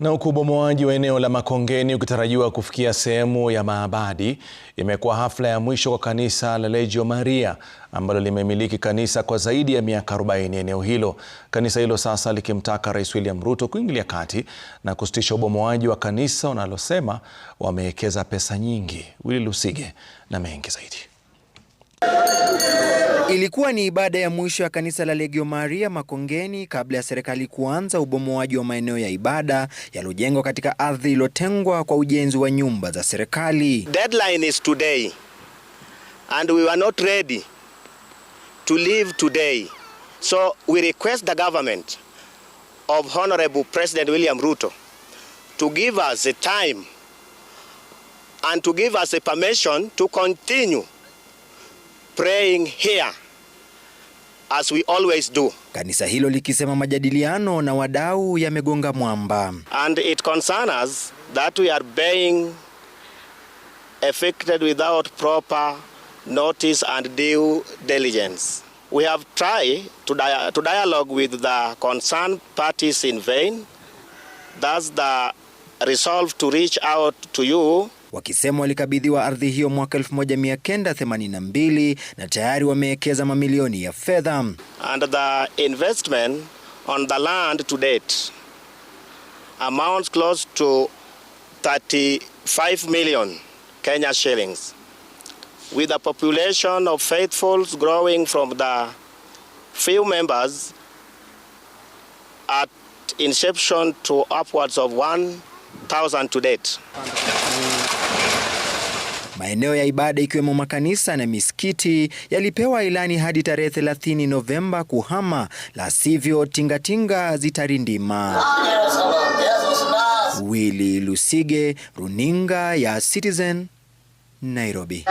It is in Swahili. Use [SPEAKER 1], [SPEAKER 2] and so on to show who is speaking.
[SPEAKER 1] Na huku ubomoaji wa eneo la Makongeni ukitarajiwa kufikia sehemu ya maabadi, imekuwa hafla ya mwisho kwa kanisa la Legio Maria ambalo limemiliki kanisa kwa zaidi ya miaka 40 eneo hilo. Kanisa hilo sasa likimtaka Rais William Ruto kuingilia kati na kusitisha ubomoaji wa kanisa wanalosema wamewekeza pesa nyingi. Willy Lusige na mengi zaidi Ilikuwa ni ibada ya mwisho ya kanisa la Legio Maria Makongeni kabla ya serikali kuanza ubomoaji wa maeneo ya ibada yaliyojengwa katika ardhi iliyotengwa kwa ujenzi wa nyumba za serikali.
[SPEAKER 2] Deadline is today and we were not ready to leave today. So we request the government of Honorable President William Ruto to give us a time and to give us a permission to continue praying here as we always do.
[SPEAKER 1] Kanisa hilo likisema majadiliano na wadau yamegonga mwamba.
[SPEAKER 2] And it concerns us that we are being affected without proper notice and due diligence. We have tried to, dia to dialogue with the concerned parties in vain. Thus the resolve to reach out to you
[SPEAKER 1] wakisema walikabidhiwa ardhi hiyo mwaka 1982 na tayari wamewekeza mamilioni ya fedha.
[SPEAKER 2] And the investment on the land to date amounts close to 35 million Kenya shillings with a population of faithfuls growing from the few members at inception to upwards of 1 thousand to date.
[SPEAKER 1] Maeneo ya ibada ikiwemo makanisa na misikiti yalipewa ilani hadi tarehe 30 Novemba kuhama, la sivyo tingatinga zitarindima. Willy Lusige, Runinga ya Citizen, Nairobi.